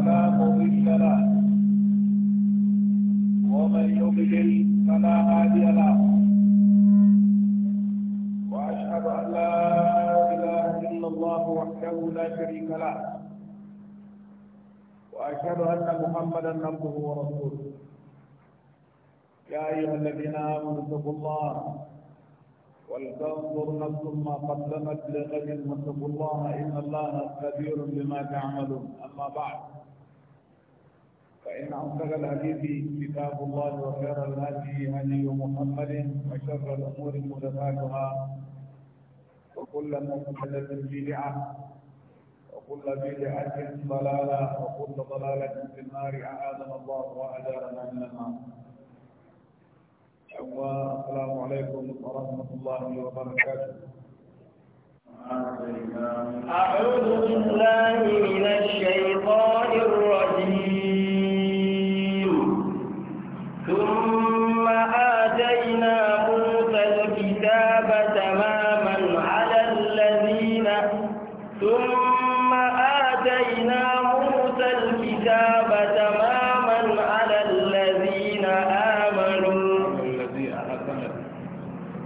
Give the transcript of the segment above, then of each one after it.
فلا مضل له ومن يضلل فلا هادي له واشهد ان لا اله الا الله وحده لا شريك له واشهد ان محمدا عبده ورسوله يا ايها الذين امنوا اتقوا الله ولتنظر نفس ما قدمت لغد واتقوا الله ان الله خبير بما تعملون اما بعد فإن أصدق الحديث كتاب الله وخير الهدي هدي محمد وشر الأمور محدثاتها وكل محدثة بدعة وكل بدعة ضلالة وكل ضلالة في النار أعاذنا الله وأجارنا من النار السلام عليكم ورحمة الله وبركاته أعوذ بالله من الشيطان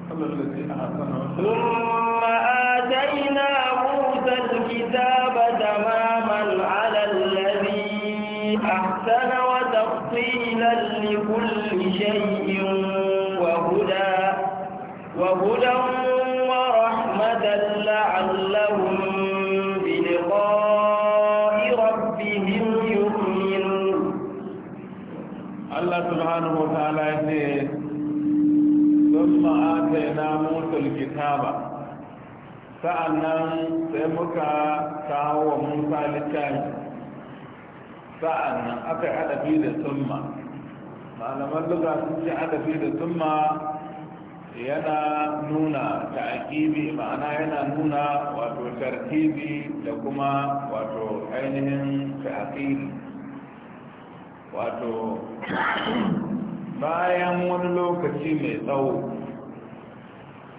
ثم آتينا موسى الكتاب تماما على الذي أحسن وتفصيلا لكل شيء وهدى وهدى ورحمة لعلهم بلقاء ربهم يؤمنون الله سبحانه وتعالى يقول thumma atayna musa alkitaba sa'annan sai muka kawo wa musa littafi sa'annan aka yi hadafi da thumma malaman duka sun ce hadafi da thumma yana nuna ta'akibi ma'ana yana nuna wato tartibi da kuma wato ainihin ta'akili bayan wani lokaci mai tsawo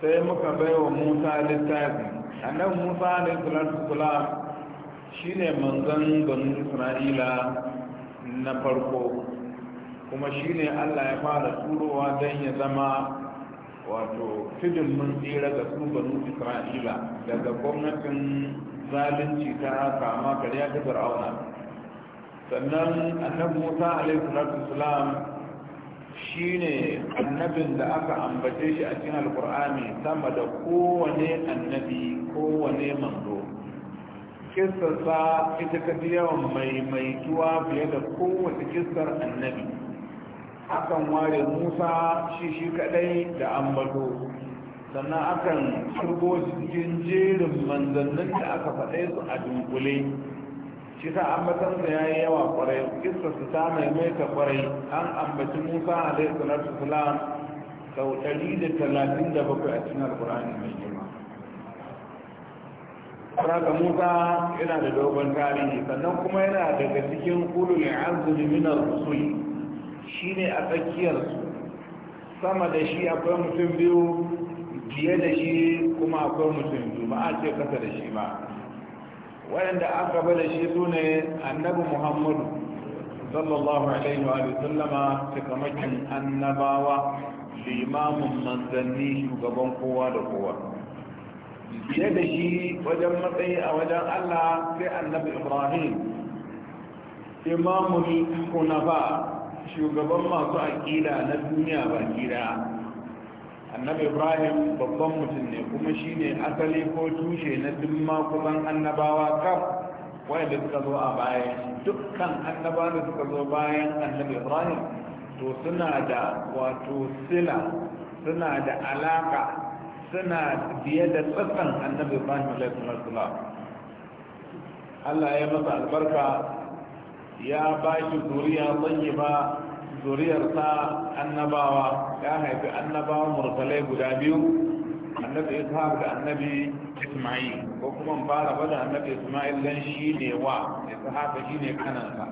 sai muka bai wa musa littafi annabi musa alaihi salatu wasalam shine manzon banu isra'ila na farko kuma shine allah ya fara turowa don ya zama wato tudun mun tsira ga su banu isra'ila daga gwamnatin zalunci ta kama karya ta fir'auna sannan annabi musa alaihi salatu Shi ne annabin da aka ambace shi a cikin alkur'ani sama da kowane annabi kowane manzo kissarsa ita ka fi yawan maimaituwa fiye da kowace kistar annabi akan ware musa shi shi kadai da ambato sannan akan turbo cikin jerin manzannin da aka faɗe su a dunkule shi sa ambatansa ya yi yawa kwarai su ta maimaita kwarai an ambaci musa alaihi salatu salam sau ɗari da talatin a cikin alkur'ani mai girma Raka Musa yana da dogon tarihi sannan kuma yana daga cikin ulul azumi min ar shi shine a tsakiyar su sama da shi akwai mutum biyu biye da shi kuma akwai mutum biyu ba a ce kasa da shi ba wayanda aka bada da shi sune annabi muhammadu sallallahu alaihi wa sallama cikamakin annabawa limamin manzanni shugaban kowa da kowa fiye da shi wajen matsayi a wajen allah sai annabi ibrahim imamun kunafa shugaban masu aƙida na duniya ba gida annabi ibrahim babban mutum ne kuma shi ne asali ko tushe na duk makuban annabawa kam wanda suka zo a bayan dukkan annabawa da suka zo bayan annabi ibrahim to suna da wato sila suna da alaka suna biye da tsakan annabi ibrahim alaihi Allah ya masa albarka ya ba shi zuriya tsayi ba zuriyarsa annabawa ya haifi annabawa mursalai guda biyu annabi ishaq da annabi isma'il ko kuma fara bada annabi isma'il dan shi ne wa ishaq shi ne kanansa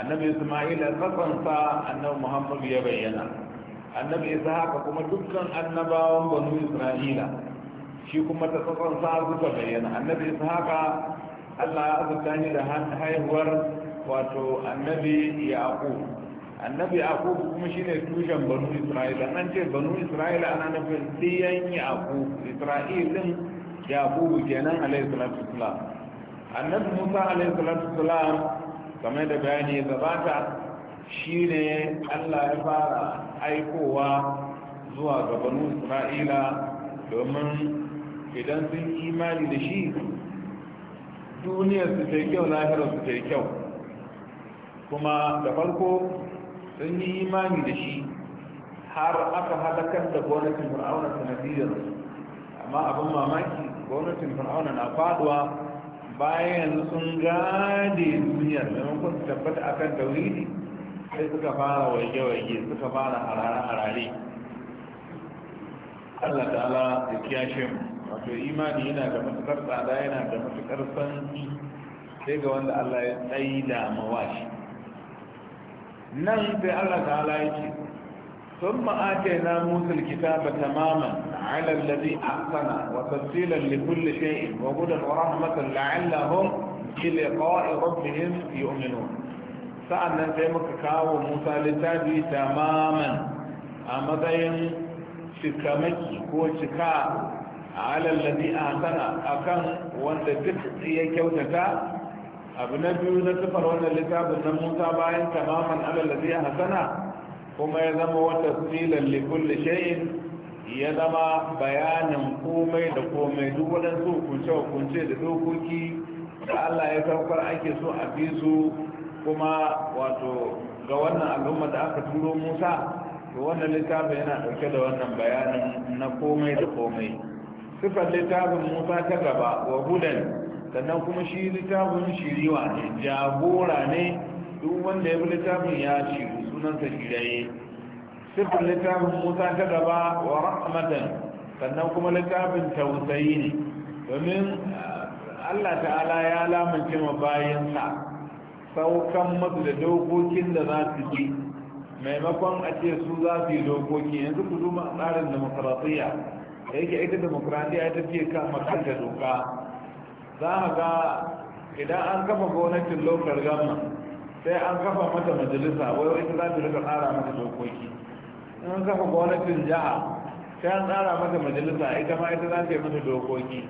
annabi isma'il a tsakansa annabi muhammadu ya bayyana annabi ishaq kuma dukkan annabawan banu isra'ila shi kuma ta tsakansa suka bayyana annabi ishaq Allah ya azurta ni da haihuwar wato annabi yaqub annabi yaqub kuma shine tushen banu isra'ila an ce banu isra'ila ana nufin ɗiyan yaqub isra'ilin yaqub kenan alayhi salatu wassalam annabi musa alayhi salatu wassalam kamar da bayani da gabata shine Allah ya fara aikowa zuwa ga banu isra'ila domin idan sun imani da shi duniyar su ta kyau lahirar su ta kyau kuma da farko sun yi imani da shi har aka halakar da gwamnatin fir'auna sanadiyar amma abin mamaki gwamnatin fir'auna na faduwa bayan sun gade duniyar maimakon su tabbata akan tauridi sai suka fara waje-waje suka fara harare-harare allah ta'ala da kiyashin wato imani yana da matukar tsada yana da matukar sanki sai ga wanda allah ya tsaida mawashi nan sai allah ta'ala ya ce sun ma'ake na musul kita ba tamaman ala lalazi a sana wa tasirin likulli shayi wa gudun rahmatun la'allahun ila kawai rabbihim yi umino sa'an nan sai muka kawo musa littafi tamaman a matsayin cikamaki ko cika a alallazi a sana akan wanda duk ya kyautata abu na biyu na sifar wannan littafin na musa bayan tamaman alalazi zai hasana kuma ya zama wata likul da shayin ya zama bayanin komai da komai duk waɗansu hukunce-hukunce da dokoki da allah ya saukar ake so a bi su kuma wato ga wannan al'ummar da aka turo musa to wannan littafin yana ɗauke da wannan bayanin na komai da komai sifar littafin musa ta gaba wa hudan sannan kuma shi littafin shiriwa ne jagora ne duk wanda ya fi littafin ya shiru sunansa shiraye sifin littafin musa ta gaba wa rahmatan sannan kuma littafin tausayi ne domin eh, allah ta'ala ya lamunce ma bayansa saukan masu da dokokin da za su ji maimakon a ce su za su yi dokoki yanzu ku zuma tsarin demokuratiyya da yake ita demokuratiyya ta ce kan makanta doka za a ga idan an kafa gwamnatin lokar gamma sai an kafa mata majalisa wai ita za ta rika tsara mata dokoki an kafa gwamnatin jiha sai an tsara mata majalisa ita ma ita za ta yi mata dokoki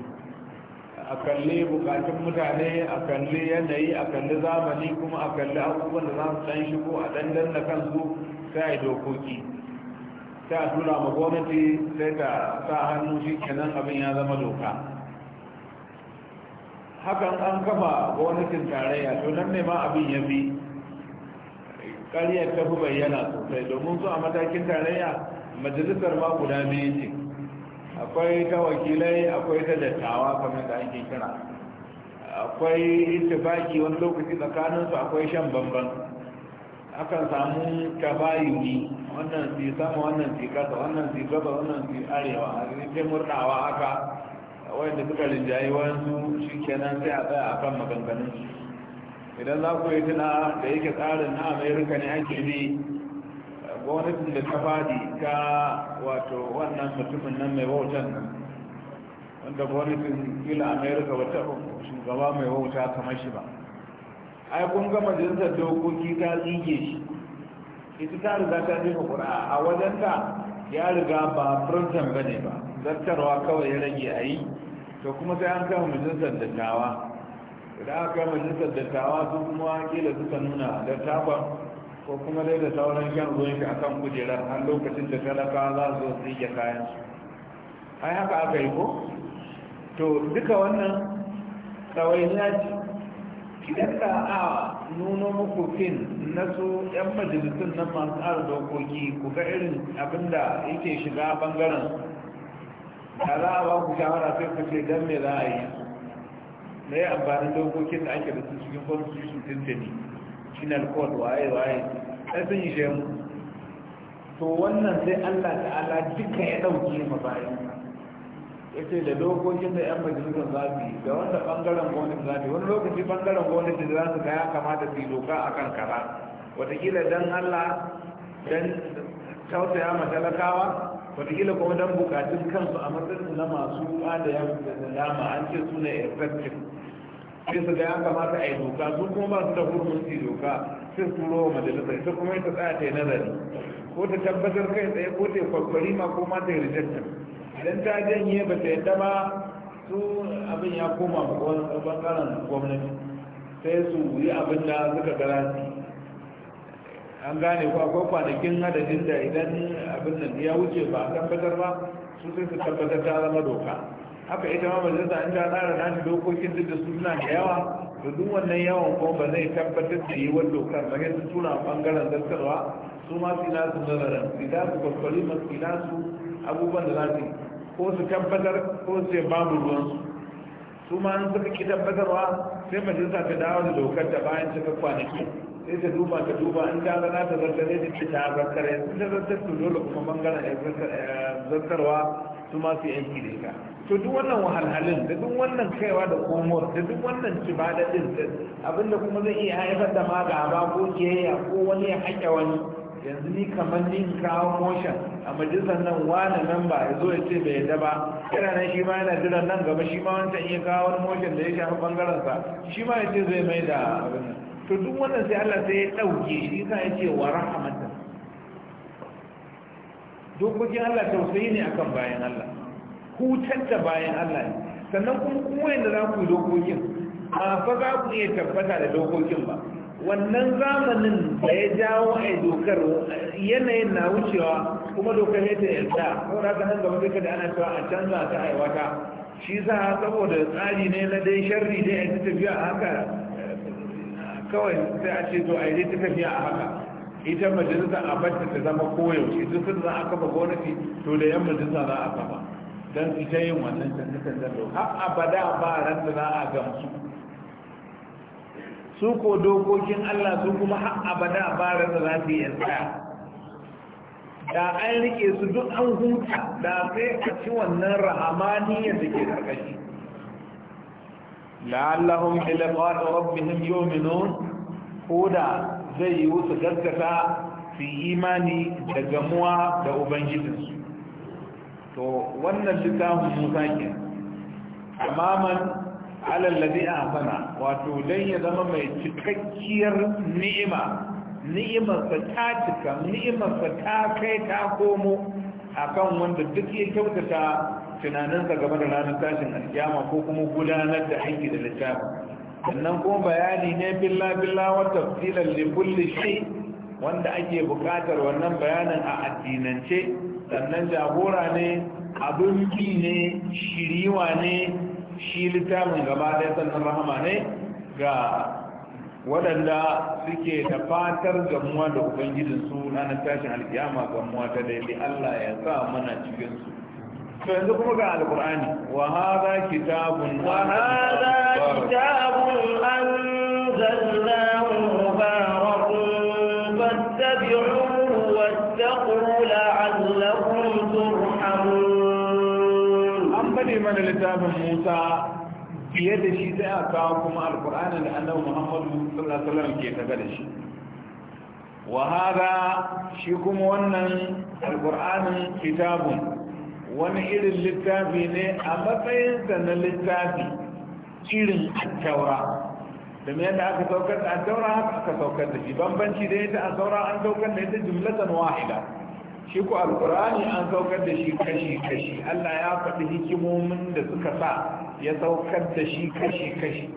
a kalli bukatun mutane a kalli yanayi a kalli zamani kuma a kalli abubuwan da za su can shigo a dan danna kansu sai a yi dokoki sai a tura ma gwamnati sai ta sa hannu shi kenan abin ya zama doka hakan an kafa cin tarayya to nan ne ma abin ya fi ƙaryar ta fi bayyana sosai domin su a matakin tarayya majalisar ma guda biyu ce akwai ta wakilai akwai ta dattawa kamar da ake kira akwai ittifaki wani lokaci tsakaninsu akwai shan bambam akan samu tabayuni wannan si sama wannan si kasa wannan si gaba wannan si arewa a cikin murɗawa haka wanda suka rinjaye wasu shi kenan sai a tsaya a kan maganganun idan za ku yi tuna da yake tsarin na amerika ne ake ne, gwamnatin da ta fadi ta wato wannan mutumin nan mai wautan nan wanda gwamnatin gila amerika ba shugaba mai wauta kamar shi ba ai kun ga majalisar dokoki ta tsige shi ita ta riga ta jefa kura a ta ya riga ba firintan ba ne ba zartarwa kawai ya rage a yi to kuma sai an kama majalisar dattawa idan aka kama majalisar dattawa su kuma kila suka nuna dattawan ko kuma dai da sauran shan ruwan shi akan kujerar har lokacin da talaka za su zo rike kayan su ai haka aka yi ko to duka wannan tsawainiya ce idan da a nuno muku fin na su 'yan majalisun nan masu dokoki ku ga irin abin da yake shiga bangaren Ka za a ba ku shawara sai ku ce dan me za a yi na yi amfani dokokin da ake da su cikin constitution din da ni penal waye waye sai sun yi shemu to wannan sai Allah ta'ala duka ya dauki ma bayan ya ce da dokokin da 'yan majalisar zafi da wanda bangaren gwamnati zafi wani lokaci bangaren gwamnati da za su ga ya kamata su yi doka a kan kara watakila don allah don tausaya ma talakawa wataƙila kuma don bukatun kansu a matsayin na masu da ya da dama an ce su ne effective sai su ga ya kamata a yi doka su kuma ba su da hurmunci doka sai su turo wa majalisar ita kuma ita tsaya ta yi nazari ko ta tabbatar kai tsaye ko ta yi kwakwari ma ko ma ta yi rejection idan ta janye ba ta yadda ba su abin ya koma ga wani bangaren gwamnati sai su yi abin da suka garanti an gane ko akwai kwanakin adadin da idan abin nan ya wuce ba a tabbatar ba su sai su tabbatar ta zama doka haka ita ma majalisa an ta tsara nani dokokin duk da suna da yawa da duk wannan yawan ko ba zai tabbatar da yiwuwar dokar ba sai su tura bangaren zartarwa su ma su nasu nazarin su da su kwakwari ma su nasu abubuwan da za su ko su tabbatar ko su babu ruwansu su ma an suka ki tabbatarwa sai majalisa ta dawo da dokar da bayan cika kwanaki sai ta duba ta duba in ta zana ta zartare da ce ta zartar yanzu ta zartar su dole kuma bangaren zartarwa su ma su yanki da ita to duk wannan wahalhalin da duk wannan kaiwa da komor da duk wannan da din abinda kuma zai iya haifar da ma gaba ko kiyayya ko wani ya haƙe wani yanzu ni kamar ni kawo motion a majalisar nan wani nan ba ya zo ya ce bai yadda ba yana nan shi ma yana jiran nan gaba shi ma wancan iya kawo wani motion da ya shafi bangaren sa shi ma ya ce zai mai da abin nan to duk wannan sai Allah sai ya dauke shi sai ya ce wa rahamata dokokin Allah tausayi ne akan bayan Allah hutar da bayan Allah sannan kuma kuma yadda za ku yi dokokin ba fa za ku iya tabbata da dokokin ba wannan zamanin da ya jawo a dokar yanayin na wucewa kuma dokar ya ta yarda ko da ka nan gaba kada da ana cewa a canza ta aiwata shi sa saboda tsari ne na dai sharri dai a tafiya a haka kawai sai a ce to a yi ta tafiya a haka ita majalisa a bata ta zama koyaushe duk sun za a kafa gwamnati to da yan majalisa za a kafa don ita yin wannan canje-canjen da har abada ba ran da za a gamsu su ko dokokin Allah su kuma har abada ba ran da za su yi tsaya da an rike su duk an huta da sai a ci wannan rahamaniyar da ke karkashi la'allahum bi liqa'i rabbihim yu'minun koda zai yi su gaskata su imani da gamuwa da ubangijinsu to wannan littafin musa ke tamaman alallazi a hasana wato don ya zama mai cikakkiyar ni'ima ni'imarsa ta cika ta kai ta komo akan wanda duk ya kyautata tunaninsa game da ranar tashin alkiyama ko kuma gudanar da aiki da littafin sannan kuma bayani ne billa billa wa tafsilan li kulli shay wanda ake bukatar wannan bayanin a addinance sannan jagora ne abun bi ne shiriwa ne shi littafin gaba da sannan rahama ne ga waɗanda suke da fatar gamuwa da ubangijinsu ranar tashin alkiyama gamuwa ta daidai allah ya sa mana cikinsu فهذا كما قال القرآن وهذا كتاب وهذا كتاب أنزلناه مبارك فاتبعوه واتقوا لعلكم ترحمون أم لي من الكتاب موسى في يد الشتاء كاكم القرآن لأنه محمد صلى الله عليه وسلم كيف بلش وهذا شيكم ونن القرآن كتاب wani irin littafi ne a matsayinsa na littafi irin attaura domin yadda aka saukar da attaura haka aka saukar da shi bambanci da yadda a saura an saukar da yadda jumlatan wahida shi ku alkurani an saukar da shi kashi kashi allah ya faɗi hikimomin da suka sa ya saukar da shi kashi kashi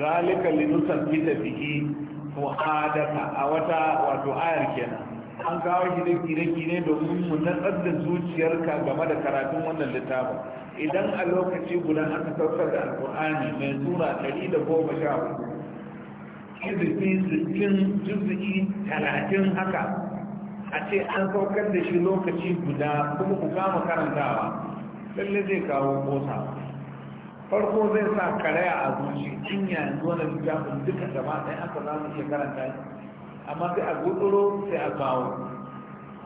zalika linusan bita bihi mu'adaka a wata wato ayar kenan an kawo shi da kire-kire domin mu natsar da zuciyarka game da karatun wannan littafin idan a lokaci guda aka saukar da alkur'ani mai sura ɗari da goma sha hudu izifi zikin juzi'i talatin haka a ce an saukar da shi lokaci guda kuma ku kama karantawa lalle zai kawo kosa farko zai sa karaya a zuci in yanzu wani littafin duka gaba ɗaya aka za mu iya karanta amma sai a guduro sai a kawo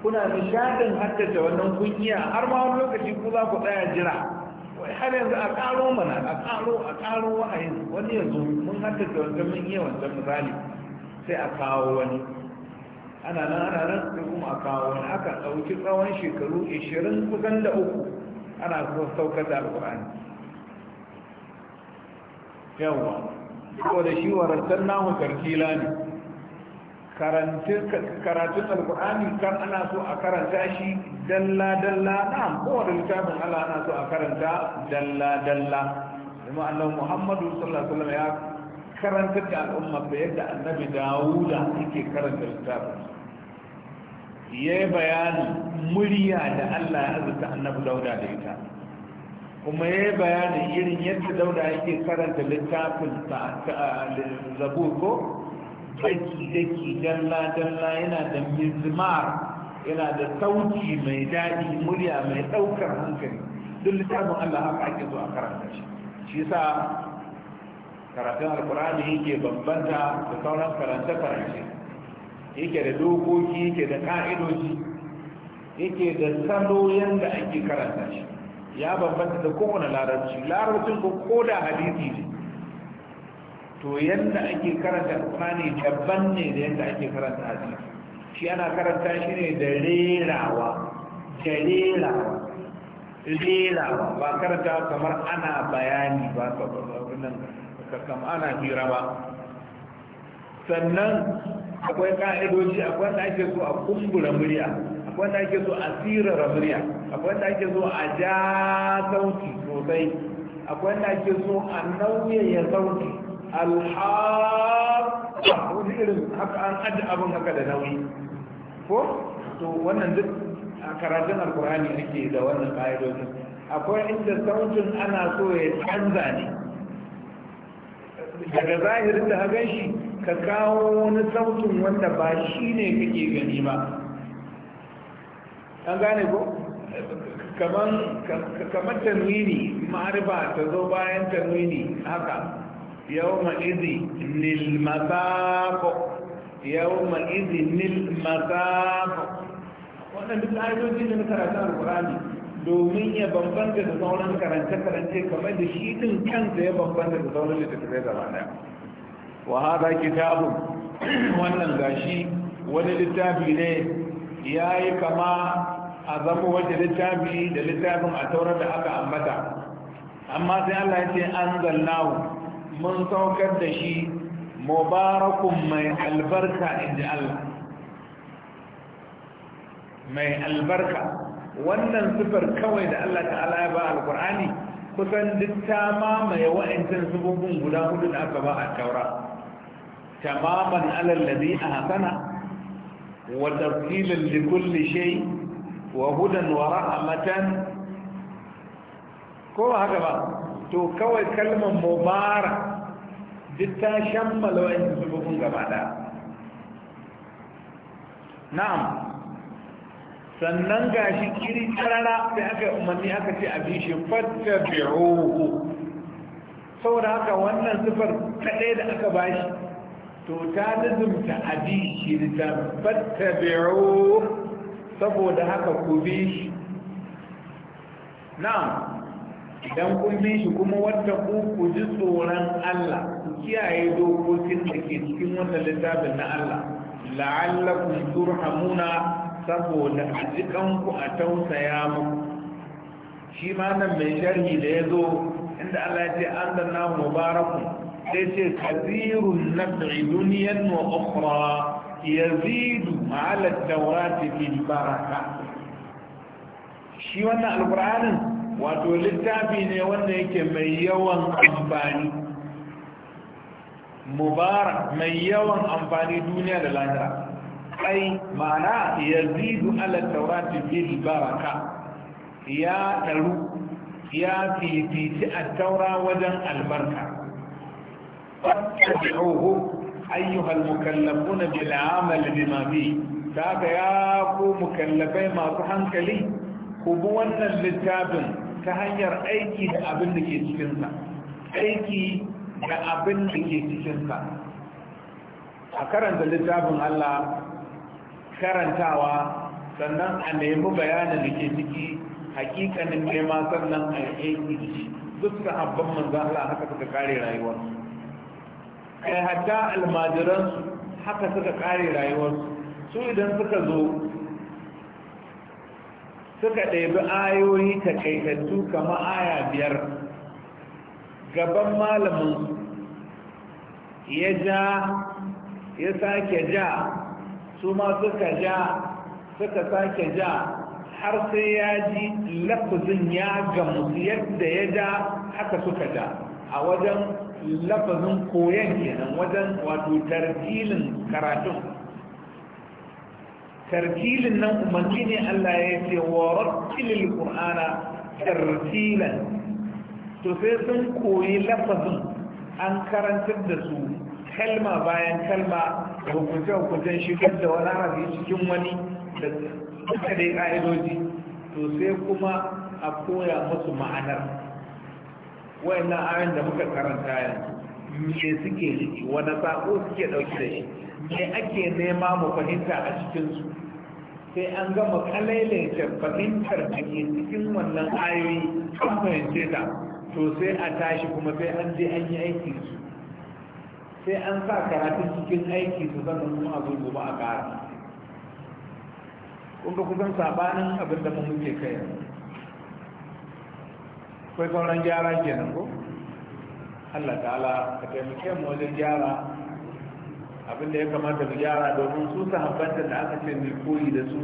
kuna nishadin haddace wannan kungiya har ma wani lokaci ku za ku tsaya jira wai har yanzu a karo mana a karo a karo wa'ayin wani yanzu mun haddace wancan mun iya wancan misali sai a kawo wani ana nan ana nan sai kuma a kawo wani aka ɗauki tsawon shekaru ishirin kusan da uku ana kuma saukar da alƙur'ani yawwa saboda shi warantar namu karkila ne karatun alkur'ani kan ana so a karanta shi dalla-dalla na kowane littafin Allah ana so a karanta dalla-dalla kuma Allah Muhammadu sallallahu alaihi wasallam ya karanta da al'umma ba yadda annabi Dawuda yake karanta littafin ya yi bayani murya da Allah ya azurta annabi Dawuda da ita kuma ya yi bayani irin yadda Dawuda yake karanta littafin zabur ko daki daki dalla dalla yana da mizmar yana da sauti mai daɗi murya mai ɗaukar hankali duk littafin Allah haka ake zuwa karanta shi shi sa karatun alkur'ani yake bambanta da sauran karanta karance yake da dokoki yake da ka'idoji yake da salo yanda ake karanta shi ya bambanta da kowane larabci larabcin ko da hadisi ne to yadda ake karanta alkurani daban ne da yadda ake karanta hadisi shi ana karanta shi ne da rerawa da rerawa rerawa ba karanta kamar ana bayani ba kamar ana hira ba sannan akwai ka'idoji akwai wanda ake so a kumbura murya akwai wanda ake so a sirara murya akwai wanda ake so a ja sauti sosai akwai wanda ake so a nauyaya sauti alhaɓa wani irin haka an adda abin haka da nauyi ko to wannan duk a karatun alkurani ake da wannan ƙa'idodin akwai inda sautin ana so ya canza ne daga zahirin da hagan shi ka kawo wani sautin wanda ba shi ne kake gani ba an gane ko kamar tanwini ma'arifa ta zo bayan tanwini haka يومئذ للمساق يومئذ للمساق wannan duk ayoyi da na karanta alkurani domin ya bambanta da sauran karance-karance kamar da shi din kansa ya bambanta da sauran littattafai da daya wa hada kitabu wannan gashi wani littafi ne ya yi kama a zama wajen littafi da littafin a taurar da aka ambata amma sai Allah ya ce an zallahu mun saukar da shi mubarakun mai albarka inda Allah mai albarka wannan sifar kawai da Allah ta'ala ya ba alkur'ani kusan duk ta mamaye wa'ancin sifofin guda hudu da aka ba a taura tamaman alallazi a hasana wa tafsilin likulli shay wa hudan wa rahmatan ko haka ba to kawai kalmar mubara duk ta shammala wa'in zububun gaba ɗaya na'am sannan ga shi kiri karara da aka umarni aka ce a bi shi fatta bi'uhu saboda haka wannan sifar kaɗai da aka ba shi, to ta nazumta abin shi da fatta bi'uhu saboda haka ku bi shi na'am idan kun bi shi kuma wadda ku ku ji tsoron Allah ku kiyaye dokokin da ke cikin wannan littafin na Allah la'allakum turhamuna saboda a ku a tausaya muku shi ma nan mai sharhi da ya zo inda Allah ya ce an zanna mubarakun sai ce kazirun naf'i duniyan wa ukhra yazidu ala tawrati fil baraka shi wannan alqur'anin wato littafi ne wanda yake mai yawan amfani mubarak mai yawan amfani duniya da lahira ai ma'ana yazidu ala tawrati bil baraka ya taru ya fifici a taura wajen albarka fattabi'uhu ayyuhal mukallafuna bil amal bima bi ta ya ku mukallafai masu hankali ku bi wannan littafin ta hanyar aiki da abin da ke cikinsa aiki da abin da ke cikinsa a karanta littafin Allah karantawa sannan a nemi bayanin da ke ciki hakikanin nema sannan a yi aiki duk sahabban manzan Allah haka suka kare rayuwarsu kai hatta almajiransu haka suka kare rayuwarsu su idan suka zo suka ɗebi ayoyi takaitattu kama aya biyar gaban malamin ya ja ya sake ja su ma suka ja suka sake ja har sai ya ji lafazin ya gamu yadda ya ja haka suka ja a wajen lafazin koyon kenan wajen wato tarjilin karatun tartilin nan umarni ne Allah ya ce wa rattilil qur'ana tartilan to sai sun koyi lafazin an karantar da su kalma bayan kalma da hukunce hukuncen shigar da wani harafi cikin wani da suka dai ka'idoji to sai kuma a koya musu ma'anar wayannan ayon da muka karanta yanzu me suke riki wani sako suke dauki da shi me ake nema mu fahimta a cikinsu sai an gama kalailaita fahimtar da ke cikin wannan ayoyi kan fahimce ta to sai a tashi kuma sai an je an yi aiki su sai an sa karatun cikin aiki su sannan kuma a zo gobe a ƙara kun ga kusan sabanin abin da mu muke kai akwai sauran gyara kenan ko Allah ta'ala ka taimake mu wajen gyara abinda ya kamata mu gyara domin su sahabbantan da aka ce mu koyi da su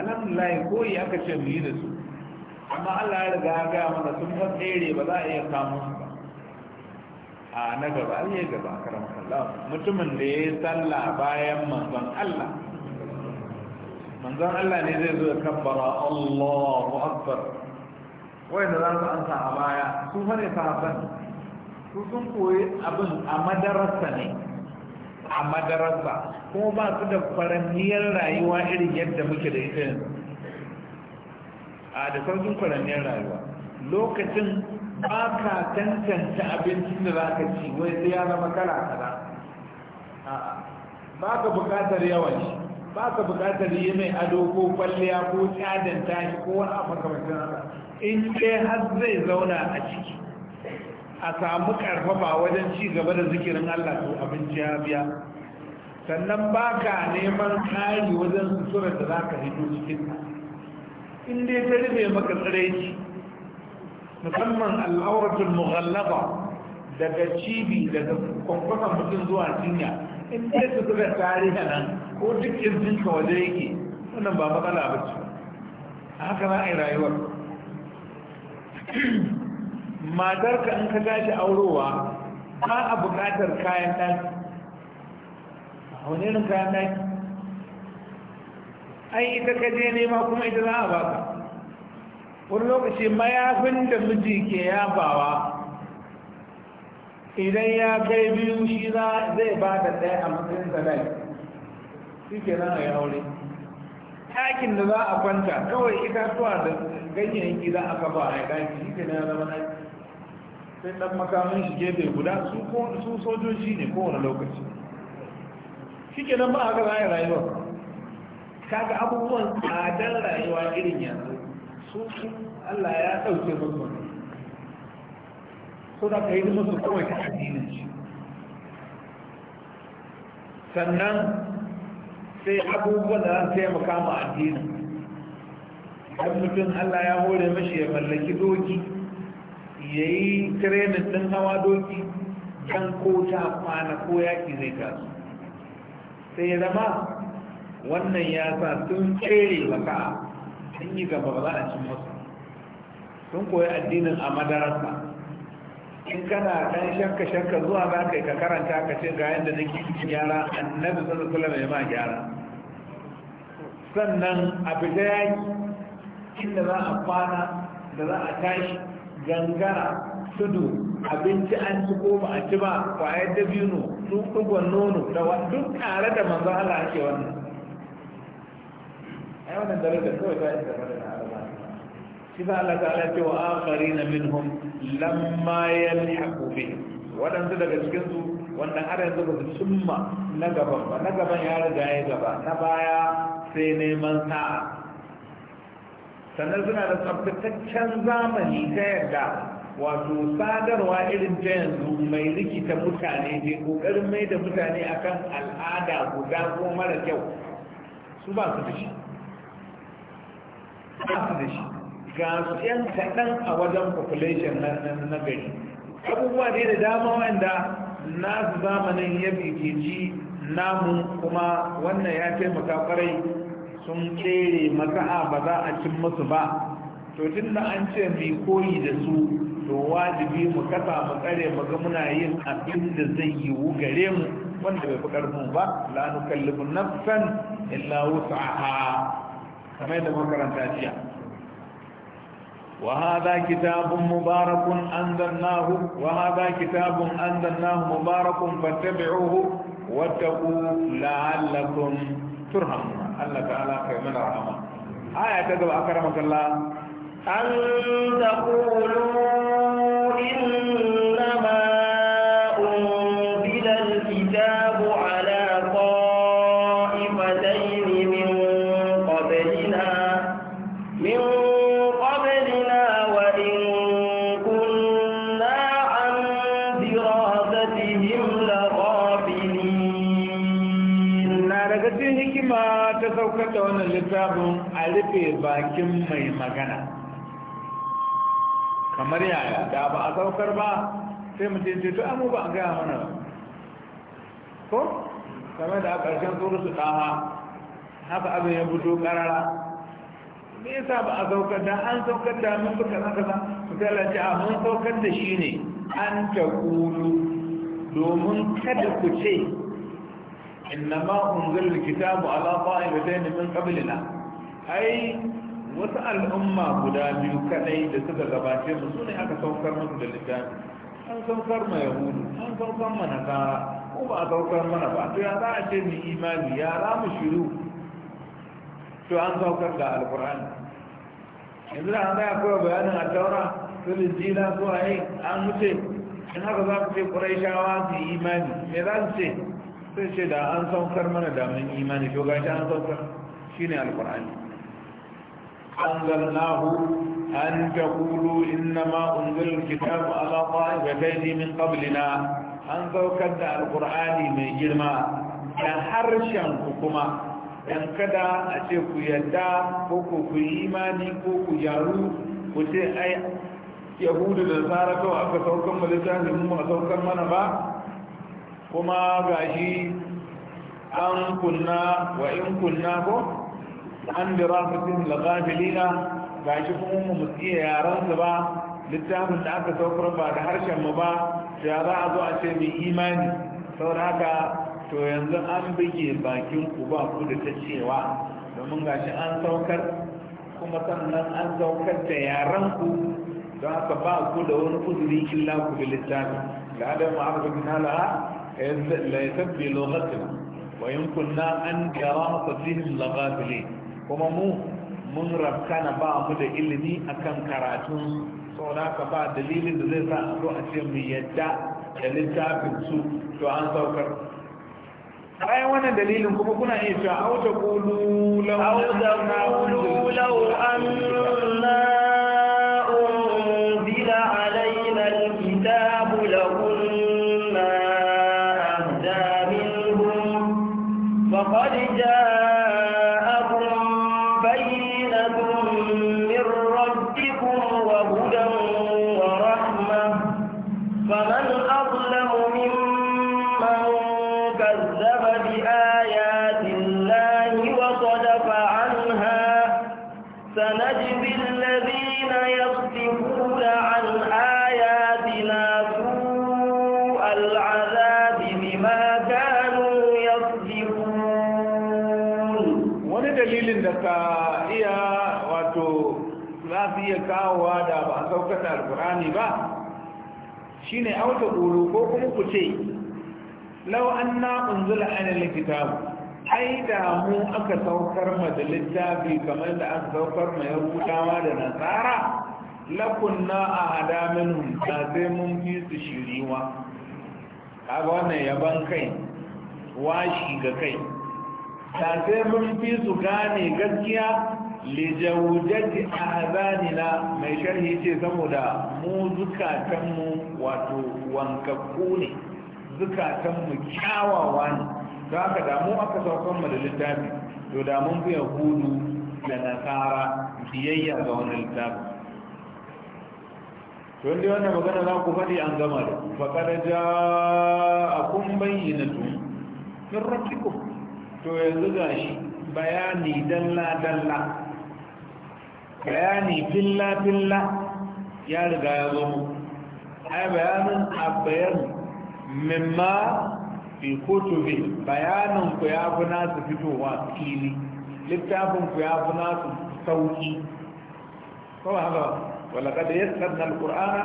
alhamdulillah koyi aka ce mu yi da su amma Allah ya riga ya gaya mana sun fa tsere ba za a iya kamo su ba a na gaba ya yi gaba karam sallah mutumin da ya yi sallah bayan manzon Allah manzon Allah ne zai zo ya kabbara Allahu akbar da za su ansa a baya su fa ne sahabban su sun koyi abin a madarasa ne a madarasa kuma ba su da kwaranniyar rayuwa irin yadda muke da ita yanzu a da sauƙin kwaranniyar rayuwa lokacin ba ka tantance abincin da za ka ci wai sai ya zama kala kala ba ka buƙatar yawan shi ba ka buƙatar yi mai ado ko kwalliya ko tsadanta shi ko wani abu kamar haka in dai har zai zauna a ciki a samu karfafa wajen ci gaba da zikirin Allah to abinci ya biya sannan ba ka neman kari wajen suturar da za ka hito cikin in dai ta rufe maka tsiraici musamman al'auratul mughallaba daga cibi daga kwankwasan mutum zuwa jinya, in dai suturar tarihi nan ko duk izinka waje wannan ba matsala ba ce haka za yi rayuwar matarka in ka gashi aurowa ba a buƙatar kayan ɗaki a wani irin kayan ɗaki ai ita ka je nema kuma ita za a ba ka. wani lokaci mayafin da miji ke yafawa. idan ya kai biyu shi za zai ba da ɗaya a matsayin sadaki shi ke nan a yi aure ɗakin da za a kwanta kawai itatuwa da ganyayyaki za a kafa a yi ɗaki shi ke nan zama ɗaki sai ɗan makamin shi gefe guda su sojoji ne kowane lokaci shi ke nan ba haka yi rayuwa kaga abubuwan tsadar rayuwa irin yanzu su Allah ya ɗauke musu so da ka yi musu kawai ta addinin shi sannan sai abubuwan da za su taimaka ma addinin dan mutum Allah ya hore mashi ya mallaki doki ya yi tirenin ɗin hawa doki can ko ta kwana ko yaƙi zai taso sai ya zama wannan ya sa sun kere baka sun yi gaba ba za a cin masu sun koyi addinin a madarasa in kana ɗan shanka shanka zuwa za ka yi ka karanta ka ce ga yadda nake cikin gyara annabi sun kula mai ma gyara sannan abu da yaki inda za a kwana da za a tashi gangara tudu abinci an ci ko ba a ci ba kwayar dabino ɗugon nono da duk tare da manzo Allah ake wannan ai wannan daraja kawai ta isa da araba shi ba Allah ala ce wa akharin minhum lamma yalhaqu bihim wadansu daga cikin su wannan har yanzu ba su cimma na gaban ba na gaban ya riga ya gaba na baya sai neman sa'a sannan suna da tsabtataccen zamani ta yadda wato sadarwa irin ta yanzu mai rikita mutane ne kokarin mai da mutane akan al'ada guda ko mara kyau su ba su da shi ba su da shi ga su yan kaɗan a wajen population na gari abubuwa ne da dama wanda na zamanin ya bibici namu kuma wannan ya taimaka kwarai sun tsere maka'a ba za a cin musu ba to tun da an ce mai koyi da su to wajibi mu kasa mu tsare mu ga muna yin abin da zai yiwu gare mu wanda bai fi mu ba la nukallifu nafsan illa wus'aha kamar da makaranta jiya وهذا كتاب مبارك أنزلناه وهذا كتاب أنزلناه مبارك فاتبعوه واتقوا لعلكم turhamuna Allah ta'ala kai mana rahama aya ta gaba akramaka an taqulu rufe bakin mai magana kamar yaya da ba a saukar ba sai mutum ce to amu ba a gaya mana ba ko kamar da a ƙarshen tsoro su ɗaha haka abin ya fito ƙarara me yasa ba a saukar da an saukar da mun fi kaza kaza misali ce a mun saukar da shi ne an ta kulu domin kada ku ce innama unzil kitabu ala qa'imatayn min qablina ai wasu al'umma guda biyu kadai da suka gabace su sune aka saukar musu da littafi an saukar ma yahudu an saukar ma nasara ko ba a saukar mana ba to ya za a ce ni imani ya za mu shiru to an saukar da alkur'ani yanzu da an zaya kowa bayanin a taura su jina su a yi an wuce in haka za ku ce shawa su yi imani me za su ce sai ce da an saukar mana da mun imani to gashi an saukar shine alkur'ani أنزلناه أن تقولوا إنما أنزل الكتاب على طائفتين من قبلنا أن توكد القرآن من جرما كحرشا حكما Yan kada a ce ku yadda ko ku yi imani ko ku yaru ku ce ai yahudu da nasara kawai aka saukan mu littafin mu a saukan mana ba kuma gashi an kunna wa in kunna ko an dirasatin lagafilina ga shi kuma mu iya yaran ba littafin da aka saukar ba da harshen mu ba ya za a zo a ce mai imani saboda haka to yanzu an bige bakin ku ba ku da ta cewa domin ga shi an saukar kuma sannan an saukar da yaran ku don haka ba ku da wani kuzuri illa ku da littafi la'adar ma'arabin laha la yasabbi lughatina wa in kunna an qira'atihim laghafilin kuma mu mun rafkana ba mu da ilimi akan karatun saboda ba dalilin da zai sa a zo a ce mu yadda da littafin su to an saukar bayan wannan dalilin kuma kuna iya cewa auta qulu law anzalna shine auta goro ko kuma ku ce an na unzila ainihin kitab ai da mu aka saukar ma da littafi kamar da aka saukar ma yahudawa da nasara na a minhum da sai mun fi su shiriwa kaga wannan yaban kai washi ga kai da sai mun fi su gane gaskiya lijaujati ahzanina mai sharhi ce saboda mu zukatanmu wato wankakku ne zukatanmu kyawawa ne don haka da mu aka saukan mu da littafi to da mun fi yahudu da nasara biyayya ga wani littafi to inda wannan magana za ku faɗi an gama da faƙar ja'akum bayyinatun min rabbikum to yanzu gashi bayani dalla dalla bayani filla filla ya riga ya zo mu ai bayanin abayan mimma fi kutubi bayanin ku ya fi nasu fitowa fili littafin ku ya fi nasu sauki kawai haka walaka da yassar na alkur'ana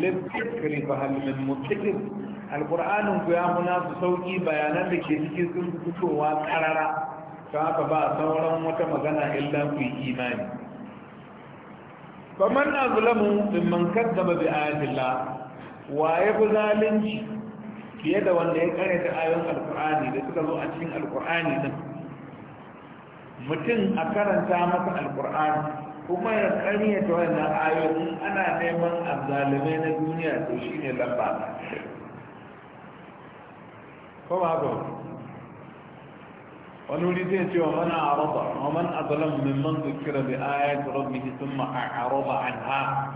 littafin ba halimin mutakin alkur'anin ku ya fi nasu sauki bayanan da ke cikin sun fitowa karara ta haka ba sauran wata magana illa ku yi imani faman azlamu mimman kazzaba bi ayatillah wa ya fi zalunci fiye da wanda ya karanta ayoyin alkur'ani da suka zo a cikin alkur'ani din mutum a karanta masa alkur'ani kuma ya karyata wannan ayoyin ana neman azzalimai na duniya to shine lamba ko ba wani wuri zai ce wa mana a raba wa man a zalam min man zukira da ayat rabbihi thumma a'raba anha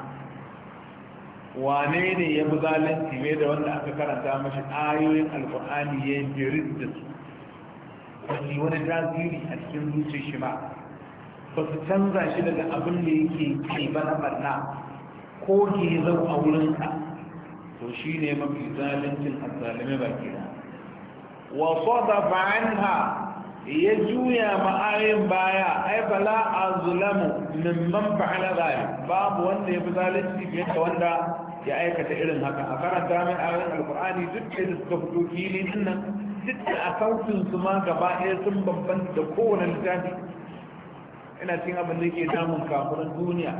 wane ne ya bi zalunci ne da wanda aka karanta mashi ayoyin alkur'ani ya yi birin da su wani wani tasiri a cikin zuciyar shi ba ba su canza shi daga abin da yake kai ba na barna ko ke zau a wurinka to shi ne mafi zaluncin azzalume baki na wa sadafa ha. ya juya ma'ayin baya ai bala zulamu mimman fa'ala zalim babu wanda ya fi zalunci fiye da wanda ya aikata irin haka a karanta min ayoyin alkur'ani duk da suka fito fili dinnan duk da akautin su ma gaba ɗaya sun bambanta da kowane littafi ina cin abin da ke damun kafuran duniya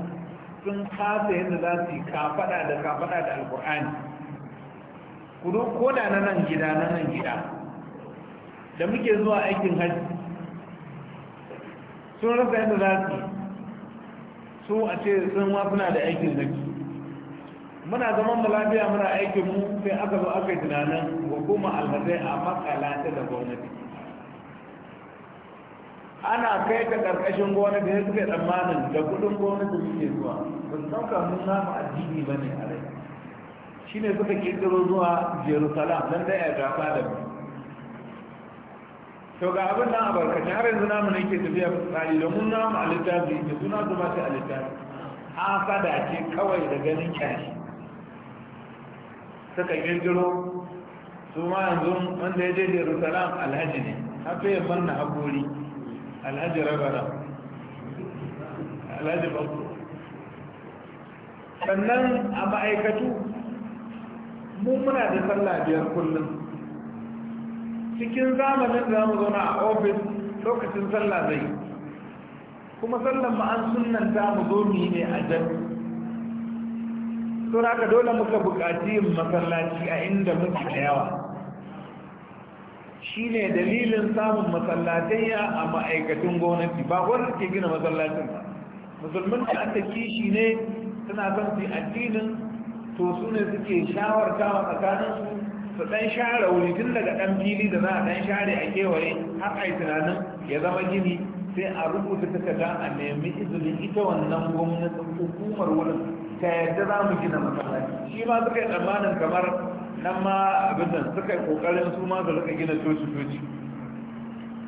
sun kasa yadda za su yi kafaɗa da kafaɗa da alkur'ani ku ko da na nan gida na nan gida da muke zuwa aikin hajji sun rasa yadda za su su a ce sun ma suna da aikin hajji muna zaman mu lafiya muna aikin mu sai aka zo aka yi tunanin hukumar alhazai a makala ta da gwamnati ana kai ta karkashin gwamnati ya suke tsammanin da kudin gwamnati suke zuwa ba su ɗauka mun addini ba ne a rai shi ne suka kirkiro zuwa jerusalem don dai a gafa da mu to ga abin nan abarkaci har yanzu namu ne ke tafiya tsari domin namu a littafi da suna zuma ce a littafi fada ce kawai da ganin kyashi suka girgiro su ma yanzu wanda ya je jerusalem alhaji ne hafi ya manna haƙuri alhaji rabara alhaji baku sannan a ma'aikatu mun muna da sallah biyar kullum cikin zamanin da zamu zauna a ofis lokacin sallah zai kuma sallan ma an ta mu zo mu ne a jan haka dole muka buƙaci yin masallaci a inda muke da yawa ne dalilin samun masallatai a ma'aikatan gwamnati ba wanda ke gina masallacin ba musulmin da aka kishi ne suna son addinin to su ne suke shawarta wa tsakaninsu su ɗan share wuri tun daga ɗan fili da za a ɗan share a kewaye har a tunanin ya zama gini sai a rubuta takarda a nemi izinin ita wannan gwamnatin hukumar wurin ta yadda za mu gina masallaci shi ma suka yi tsammanin kamar nan ma abin nan suka yi kokarin su ma su rika gina coci coci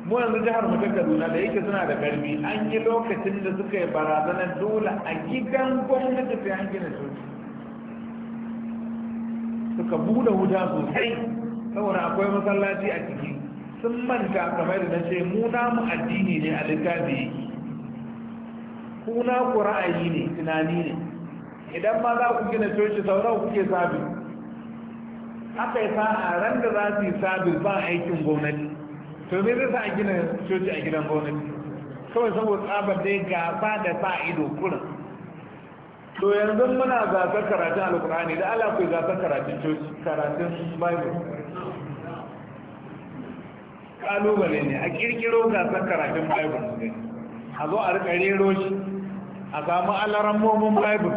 mu yanzu jihar mu ta kaduna da yake suna da karfi an yi lokacin da suka yi barazanar dole a gidan gwamnati sai an gina coci suka buɗe wuta sosai saboda akwai masallaci a ciki sun manta kamar da na ce mu namu addini ne a littafi ku na ku ra'ayi ne tunani ne idan ma za ku gina coci sauran kuke sabi aka yi sa'a ran da za su yi sabi ba aikin gwamnati to me zai sa a gina coci a gidan gwamnati kawai saboda tsabar dai gaba da sa ido kurin to yanzu muna gasar karatun alkur'ani da Allah ku gasar karatun coci karatun bible kalubale ne a kirkiro gasar karatun bible a zo a rika rero shi a samu alaran momin bible